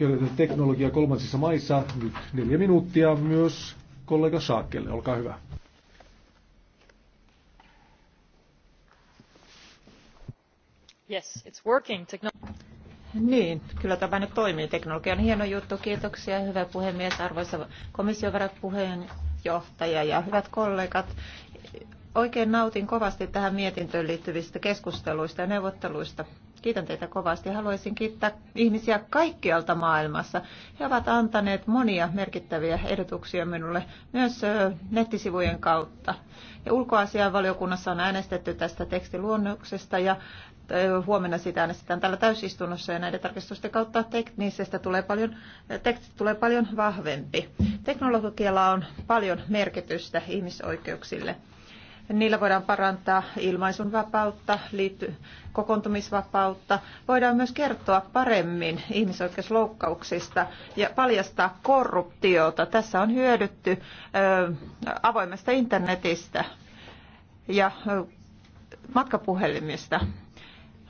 nokeutettu teknologia kolmansissa maissa. Nyt neljä minuuttia myös kollega Saakkelle. Olkaa hyvä. Yes, it's working. Techno- niin, kyllä tämä nyt toimii. Teknologia on hieno juttu. Kiitoksia, hyvä puhemies, arvoisa komission varapuheenjohtaja ja hyvät kollegat. Oikein nautin kovasti tähän mietintöön liittyvistä keskusteluista ja neuvotteluista. Kiitän teitä kovasti. Haluaisin kiittää ihmisiä kaikkialta maailmassa. He ovat antaneet monia merkittäviä ehdotuksia minulle myös nettisivujen kautta. Ja ulkoasianvaliokunnassa on äänestetty tästä tekstiluonnoksesta ja huomenna sitä äänestetään täällä täysistunnossa ja näiden tarkistusten kautta teknisestä tulee paljon, teksti tulee paljon vahvempi. Teknologialla on paljon merkitystä ihmisoikeuksille. Niillä voidaan parantaa ilmaisun vapautta, liitty, kokoontumisvapautta. Voidaan myös kertoa paremmin ihmisoikeusloukkauksista ja paljastaa korruptiota. Tässä on hyödytty ö, avoimesta internetistä ja ö, matkapuhelimista.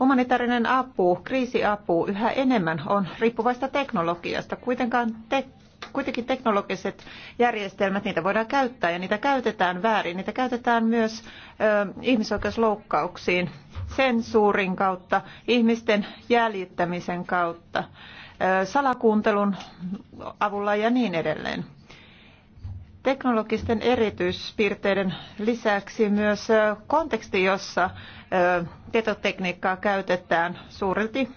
Humanitaarinen apu, kriisiapu yhä enemmän on riippuvaista teknologiasta. Kuitenkaan te- Kuitenkin teknologiset järjestelmät, niitä voidaan käyttää ja niitä käytetään väärin. Niitä käytetään myös ö, ihmisoikeusloukkauksiin, sensuurin kautta, ihmisten jäljittämisen kautta, ö, salakuuntelun avulla ja niin edelleen. Teknologisten erityispiirteiden lisäksi myös konteksti, jossa tietotekniikkaa käytetään, suurelti,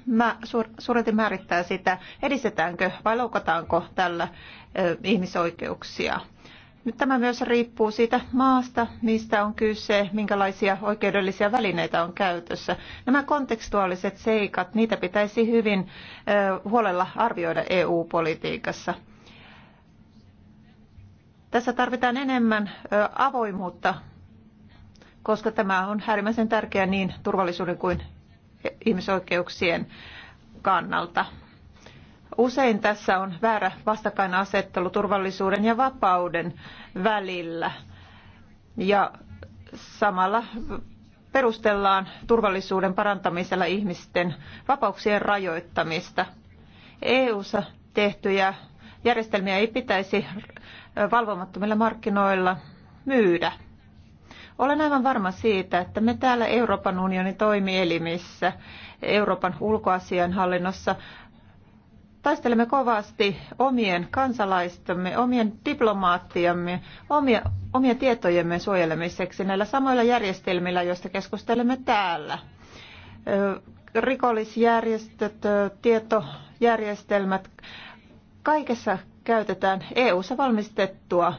suurelti määrittää sitä, edistetäänkö vai loukataanko tällä ihmisoikeuksia. Nyt tämä myös riippuu siitä maasta, mistä on kyse, minkälaisia oikeudellisia välineitä on käytössä. Nämä kontekstuaaliset seikat, niitä pitäisi hyvin huolella arvioida EU-politiikassa. Tässä tarvitaan enemmän avoimuutta, koska tämä on äärimmäisen tärkeää niin turvallisuuden kuin ihmisoikeuksien kannalta. Usein tässä on väärä vastakkainasettelu turvallisuuden ja vapauden välillä. Ja samalla perustellaan turvallisuuden parantamisella ihmisten vapauksien rajoittamista. EU:ssa tehtyjä järjestelmiä ei pitäisi valvomattomilla markkinoilla myydä. Olen aivan varma siitä, että me täällä Euroopan unionin toimielimissä, Euroopan ulkoasianhallinnossa taistelemme kovasti omien kansalaistamme, omien diplomaattiamme, omia, omia tietojemme suojelemiseksi näillä samoilla järjestelmillä, joista keskustelemme täällä. Rikollisjärjestöt, tietojärjestelmät, kaikessa käytetään EU-ssa valmistettua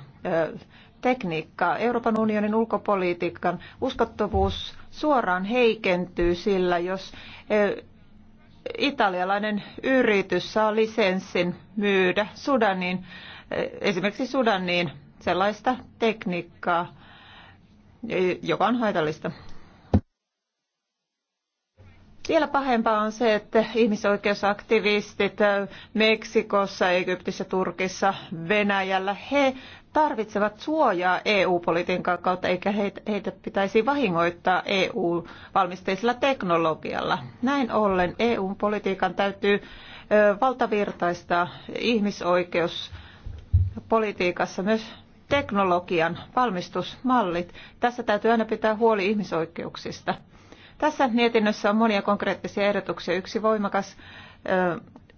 tekniikkaa. Euroopan unionin ulkopolitiikan uskottavuus suoraan heikentyy sillä, jos italialainen yritys saa lisenssin myydä Sudaniin, esimerkiksi Sudaniin sellaista tekniikkaa, joka on haitallista. Vielä pahempaa on se, että ihmisoikeusaktivistit äh, Meksikossa, Egyptissä, Turkissa, Venäjällä, he tarvitsevat suojaa EU-politiikan kautta, eikä heitä, heitä pitäisi vahingoittaa EU-valmisteisella teknologialla. Näin ollen EU-politiikan täytyy valtavirtaistaa ihmisoikeuspolitiikassa myös teknologian valmistusmallit. Tässä täytyy aina pitää huoli ihmisoikeuksista. Tässä mietinnössä on monia konkreettisia ehdotuksia. Yksi voimakas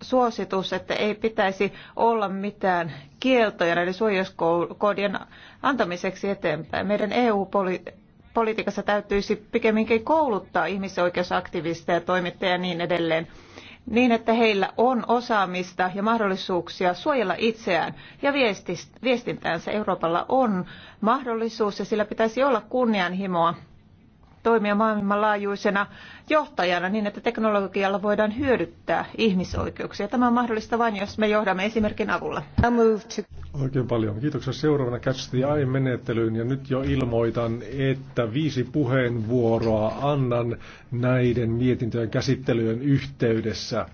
suositus, että ei pitäisi olla mitään kieltoja näiden suojauskoodien antamiseksi eteenpäin. Meidän EU-politiikassa täytyisi pikemminkin kouluttaa ihmisoikeusaktivisteja, toimittajia ja niin edelleen niin, että heillä on osaamista ja mahdollisuuksia suojella itseään ja viestintäänsä. Euroopalla on mahdollisuus ja sillä pitäisi olla kunnianhimoa toimia maailmanlaajuisena johtajana niin, että teknologialla voidaan hyödyttää ihmisoikeuksia. Tämä on mahdollista vain, jos me johdamme esimerkin avulla. Oikein paljon. Kiitoksia. Seuraavana Catch the Eye-menettelyyn ja nyt jo ilmoitan, että viisi puheenvuoroa annan näiden mietintöjen käsittelyjen yhteydessä.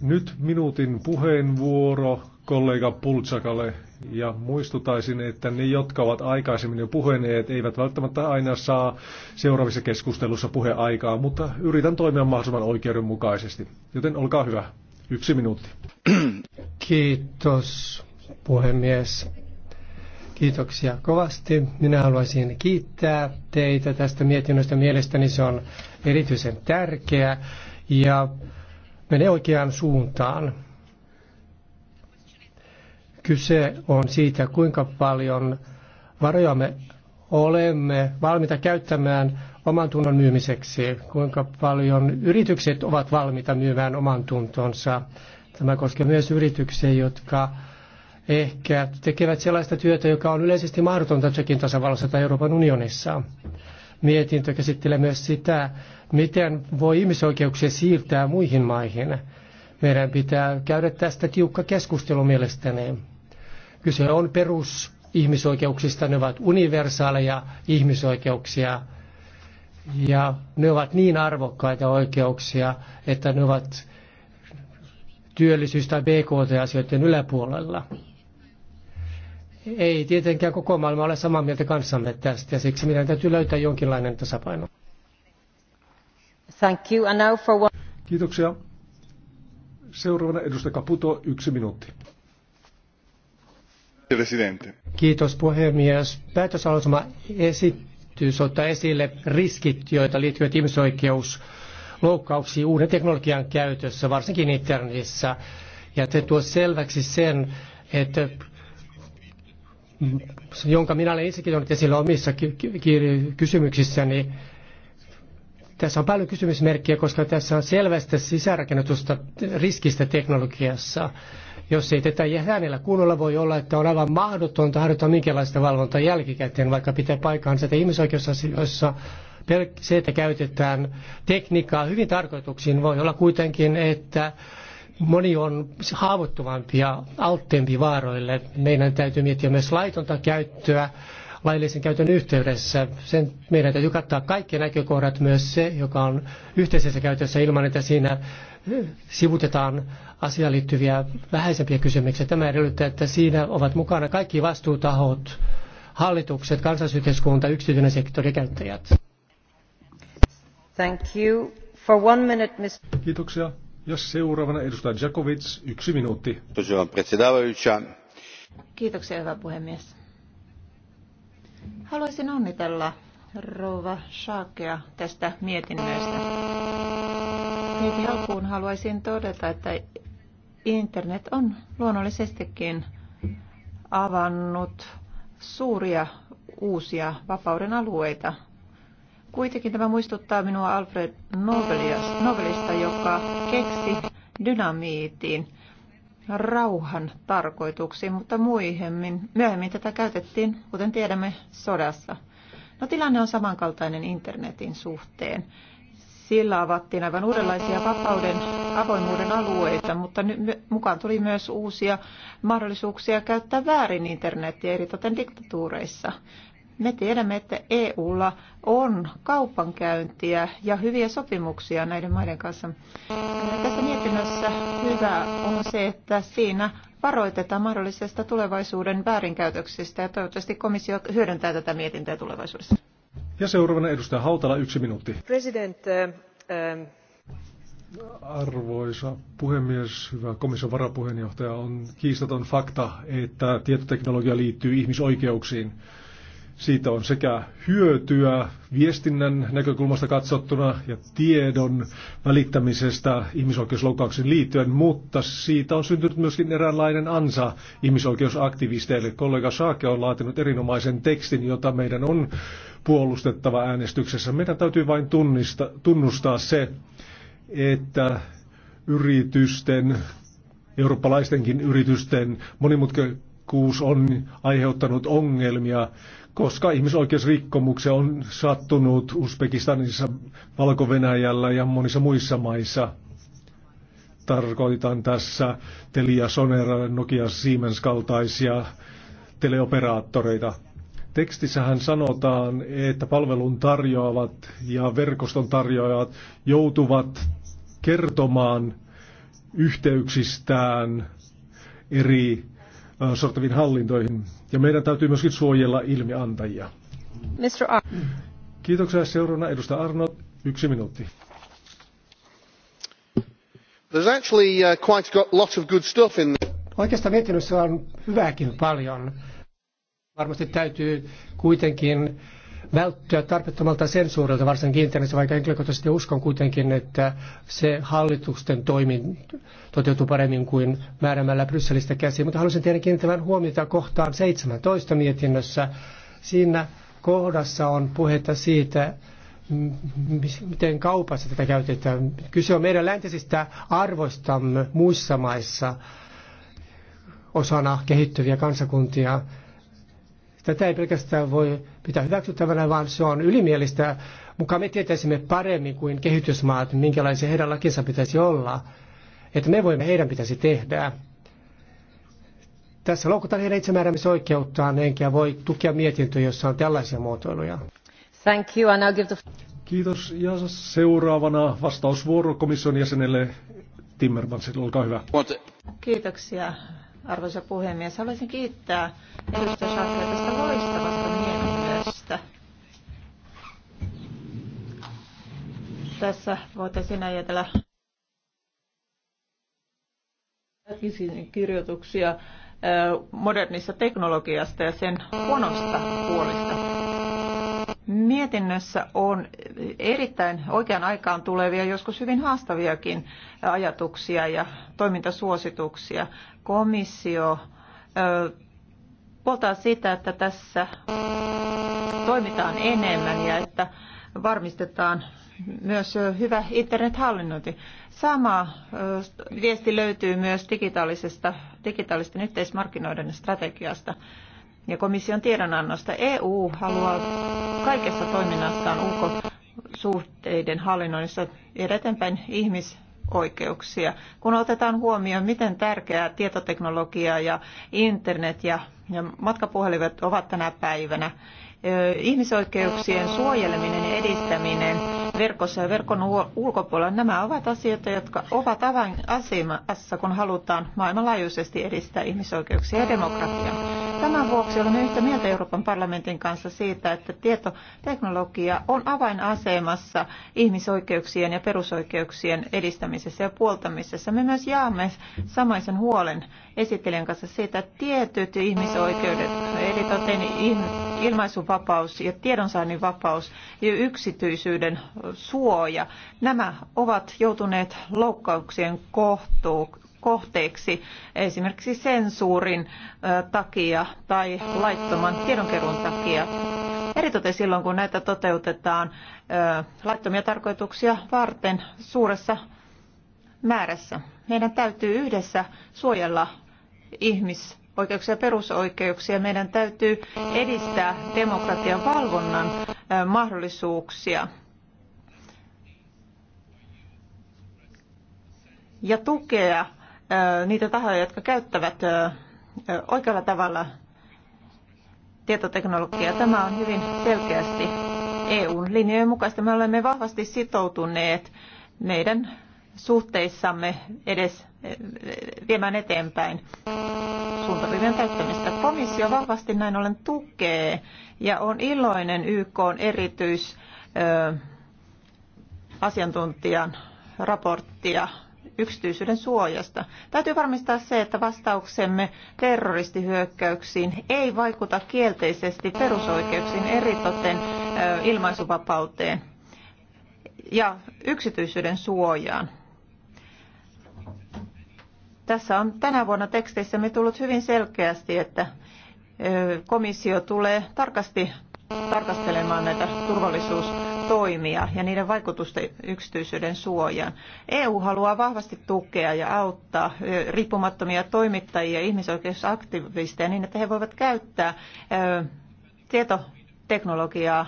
Nyt minuutin puheenvuoro kollega Pultsakalle ja muistutaisin, että ne, jotka ovat aikaisemmin jo puheneet, eivät välttämättä aina saa seuraavissa keskustelussa puheaikaa, mutta yritän toimia mahdollisimman oikeudenmukaisesti. Joten olkaa hyvä. Yksi minuutti. Kiitos, puhemies. Kiitoksia kovasti. Minä haluaisin kiittää teitä tästä mietinnöstä. Mielestäni se on erityisen tärkeä ja menee oikeaan suuntaan. Kyse on siitä, kuinka paljon varoja me olemme valmiita käyttämään oman tunnon myymiseksi, kuinka paljon yritykset ovat valmiita myymään oman tuntonsa. Tämä koskee myös yrityksiä, jotka ehkä tekevät sellaista työtä, joka on yleisesti mahdotonta Tsekin tasavallassa tai Euroopan unionissa. Mietintö käsittelee myös sitä, miten voi ihmisoikeuksia siirtää muihin maihin. Meidän pitää käydä tästä tiukka keskustelu mielestäni. Kyse on perusihmisoikeuksista, ne ovat universaaleja ihmisoikeuksia ja ne ovat niin arvokkaita oikeuksia, että ne ovat työllisyys- tai BKT-asioiden yläpuolella. Ei tietenkään koko maailma ole samaa mieltä kanssamme tästä ja siksi meidän täytyy löytää jonkinlainen tasapaino. Thank you. And now for one... Kiitoksia. Seuraavana edustaja Kaputo, yksi minuutti presidente. Kiitos puhemies. Päätöslausuma esitys ottaa esille riskit, joita liittyvät ihmisoikeusloukkauksiin uuden teknologian käytössä, varsinkin internetissä. Ja se tuo selväksi sen, että jonka minä olen itsekin tuonut esille omissa kysymyksissäni, tässä on paljon kysymysmerkkiä, koska tässä on selvästä sisäänrakennetusta riskistä teknologiassa. Jos ei tätä hänellä kunnolla voi olla, että on aivan mahdotonta harjoittaa minkälaista valvontaa jälkikäteen, vaikka pitää paikkaansa, että ihmisoikeusasioissa se, että käytetään tekniikkaa hyvin tarkoituksiin, voi olla kuitenkin, että moni on haavoittuvampi ja altteempi vaaroille. Meidän täytyy miettiä myös laitonta käyttöä laillisen käytön yhteydessä. Sen meidän täytyy kattaa kaikki näkökohdat, myös se, joka on yhteisessä käytössä ilman, että siinä eh, sivutetaan asiaan liittyviä vähäisempiä kysymyksiä. Tämä edellyttää, että siinä ovat mukana kaikki vastuutahot, hallitukset, kansallisyhteiskunta, yksityinen sektori ja käyttäjät. Thank you. For one minute, Mr. Kiitoksia. Ja seuraavana edustaja Jakovic, yksi minuutti. Kiitoksia, hyvä puhemies Haluaisin onnitella rouva Shakea tästä mietinnöstä. Heti alkuun haluaisin todeta, että internet on luonnollisestikin avannut suuria uusia vapauden alueita. Kuitenkin tämä muistuttaa minua Alfred Nobelista, joka keksi dynamiitin rauhan tarkoituksiin, mutta muihemmin. Myöhemmin tätä käytettiin, kuten tiedämme, sodassa. No tilanne on samankaltainen internetin suhteen. Sillä avattiin aivan uudenlaisia vapauden, avoimuuden alueita, mutta ny- mukaan tuli myös uusia mahdollisuuksia käyttää väärin internetiä, toten diktatuureissa. Me tiedämme, että EUlla on kaupankäyntiä ja hyviä sopimuksia näiden maiden kanssa. Tässä mietinnössä hyvä on se, että siinä varoitetaan mahdollisesta tulevaisuuden väärinkäytöksistä ja toivottavasti komissio hyödyntää tätä mietintöä tulevaisuudessa. Ja seuraavana edustaja Hautala, yksi minuutti. President, ähm... Arvoisa puhemies, hyvä komission varapuheenjohtaja, on kiistaton fakta, että tietoteknologia liittyy ihmisoikeuksiin. Siitä on sekä hyötyä viestinnän näkökulmasta katsottuna ja tiedon välittämisestä ihmisoikeusloukkauksiin liittyen, mutta siitä on syntynyt myöskin eräänlainen ansa ihmisoikeusaktivisteille. Kollega Saake on laatinut erinomaisen tekstin, jota meidän on puolustettava äänestyksessä. Meidän täytyy vain tunnista, tunnustaa se, että yritysten eurooppalaistenkin yritysten monimutkainen tehokkuus on aiheuttanut ongelmia, koska ihmisoikeusrikkomuksia on sattunut Uzbekistanissa, valko ja monissa muissa maissa. Tarkoitan tässä Telia, Sonera, Nokia, Siemens kaltaisia teleoperaattoreita. Tekstissähän sanotaan, että palvelun tarjoavat ja verkoston tarjoajat joutuvat kertomaan yhteyksistään eri Äh, sortaviin hallintoihin. Ja meidän täytyy myöskin suojella ilmiantajia. Mr. Ar- Kiitoksia seurana edustaja Arno. Yksi minuutti. There's actually uh, quite got lots of good stuff in Oikeastaan mietinnössä on hyvääkin paljon. Varmasti täytyy kuitenkin välttyä tarpeettomalta sensuurilta, varsinkin internetissä, vaikka henkilökohtaisesti uskon kuitenkin, että se hallitusten toimin toteutuu paremmin kuin määrämällä Brysselistä käsiin. Mutta haluaisin teidän kiinnittävän huomiota kohtaan 17 mietinnössä. Siinä kohdassa on puhetta siitä, miten kaupassa tätä käytetään. Kyse on meidän läntisistä arvoistamme muissa maissa osana kehittyviä kansakuntia. Tätä ei pelkästään voi pitää hyväksyttävänä, vaan se on ylimielistä. Mukaan me tietäisimme paremmin kuin kehitysmaat, minkälaisia heidän lakinsa pitäisi olla. Että me voimme, heidän pitäisi tehdä. Tässä loukutaan heidän itsemääräämisoikeuttaan, enkä voi tukea mietintöä, jossa on tällaisia muotoiluja. Thank you, and I'll give the... Kiitos. Ja seuraavana vastausvuoro komission jäsenelle Timmermansille. Olkaa hyvä. Kiitoksia arvoisa puhemies. Haluaisin kiittää edustaja Schaffia tästä loistavasta mietinnöstä. Tässä voitaisiin ajatella kirjoituksia eh, modernista teknologiasta ja sen huonosta puolesta. Mietinnössä on erittäin oikean aikaan tulevia, joskus hyvin haastaviakin ajatuksia ja toimintasuosituksia. Komissio puoltaa sitä, että tässä toimitaan enemmän ja että varmistetaan myös hyvä internethallinnointi. Sama viesti löytyy myös digitaalisesta, digitaalisten yhteismarkkinoiden strategiasta ja komission tiedonannosta. EU haluaa kaikessa toiminnassaan ulkosuhteiden hallinnoinnissa viedä eteenpäin ihmisoikeuksia. Kun otetaan huomioon, miten tärkeää tietoteknologia ja internet ja, ja matkapuhelimet ovat tänä päivänä, ihmisoikeuksien suojeleminen ja edistäminen verkossa ja verkon ulkopuolella. Nämä ovat asioita, jotka ovat avainasemassa, kun halutaan maailmanlaajuisesti edistää ihmisoikeuksia ja demokratiaa. Tämän vuoksi olemme yhtä mieltä Euroopan parlamentin kanssa siitä, että tietoteknologia on avainasemassa ihmisoikeuksien ja perusoikeuksien edistämisessä ja puoltamisessa. Me myös jaamme samaisen huolen esittelijän kanssa siitä, että tietyt ihmisoikeudet, eritoten ihmisoikeudet, ilmaisuvapaus ja tiedonsaannin vapaus ja yksityisyyden suoja, nämä ovat joutuneet loukkauksien kohtuu, kohteeksi esimerkiksi sensuurin takia tai laittoman tiedonkeruun takia. Eritoten silloin, kun näitä toteutetaan laittomia tarkoituksia varten suuressa määrässä. Meidän täytyy yhdessä suojella ihmisiä oikeuksia ja perusoikeuksia. Meidän täytyy edistää demokratian valvonnan mahdollisuuksia ja tukea niitä tahoja, jotka käyttävät oikealla tavalla tietoteknologiaa. Tämä on hyvin selkeästi EUn linjojen mukaista. Me olemme vahvasti sitoutuneet meidän suhteissamme edes eh, viemään eteenpäin suuntaviivien täyttämistä. Komissio vahvasti näin ollen tukee ja on iloinen YK on erityis asiantuntijan raporttia yksityisyyden suojasta. Täytyy varmistaa se, että vastauksemme terroristihyökkäyksiin ei vaikuta kielteisesti perusoikeuksiin eritoten ilmaisuvapauteen ja yksityisyyden suojaan. Tässä on tänä vuonna teksteissämme tullut hyvin selkeästi, että komissio tulee tarkasti tarkastelemaan näitä turvallisuustoimia ja niiden vaikutusta yksityisyyden suojaan. EU haluaa vahvasti tukea ja auttaa riippumattomia toimittajia, ihmisoikeusaktivisteja niin, että he voivat käyttää tietoteknologiaa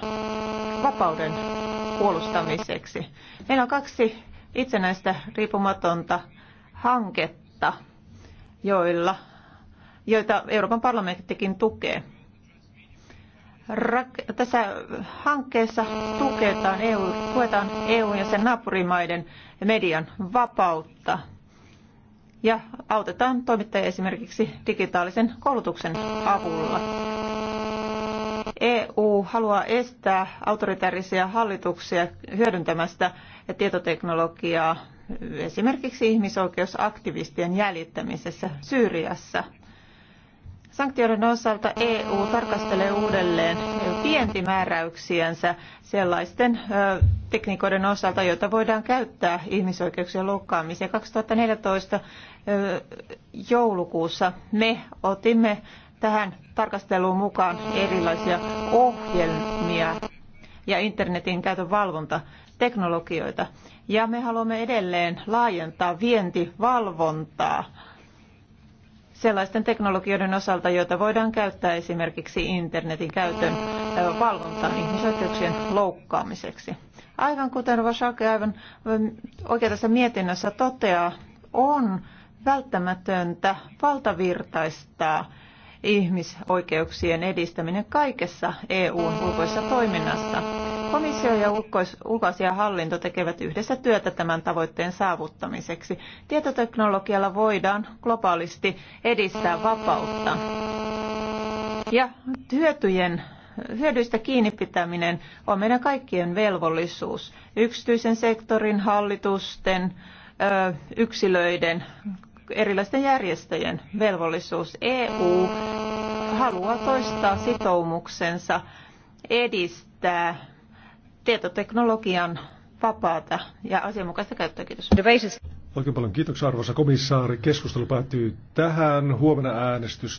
vapauden puolustamiseksi. Meillä on kaksi itsenäistä riippumatonta hanketta hanketta, joilla, joita Euroopan parlamenttikin tukee. Rak- tässä hankkeessa tuketaan EU, tuetaan EU ja sen naapurimaiden median vapautta ja autetaan toimittajia esimerkiksi digitaalisen koulutuksen avulla. EU haluaa estää autoritaarisia hallituksia hyödyntämästä tietoteknologiaa esimerkiksi ihmisoikeusaktivistien jäljittämisessä Syyriassa. Sanktioiden osalta EU tarkastelee uudelleen vientimääräyksiänsä sellaisten tekniikoiden osalta, joita voidaan käyttää ihmisoikeuksien loukkaamiseen. 2014 joulukuussa me otimme tähän tarkasteluun mukaan erilaisia ohjelmia ja internetin käytön valvonta teknologioita. Ja me haluamme edelleen laajentaa vientivalvontaa sellaisten teknologioiden osalta, joita voidaan käyttää esimerkiksi internetin käytön valvontaan ihmisoikeuksien loukkaamiseksi. Aivan kuten Vashake aivan oikein tässä mietinnössä toteaa, on välttämätöntä valtavirtaistaa ihmisoikeuksien edistäminen kaikessa EUn ulkoisessa toiminnassa. Komissio ja ulkoisia hallinto tekevät yhdessä työtä tämän tavoitteen saavuttamiseksi. Tietoteknologialla voidaan globaalisti edistää vapautta. Ja hyötyjen hyödyistä kiinni pitäminen on meidän kaikkien velvollisuus. Yksityisen sektorin, hallitusten, yksilöiden, erilaisten järjestöjen velvollisuus. EU haluaa toistaa sitoumuksensa edistää tietoteknologian vapaata ja asianmukaista käyttöä. Kiitos. Oikein paljon kiitoksia arvoisa komissaari. Keskustelu päättyy tähän. Huomenna äänestys.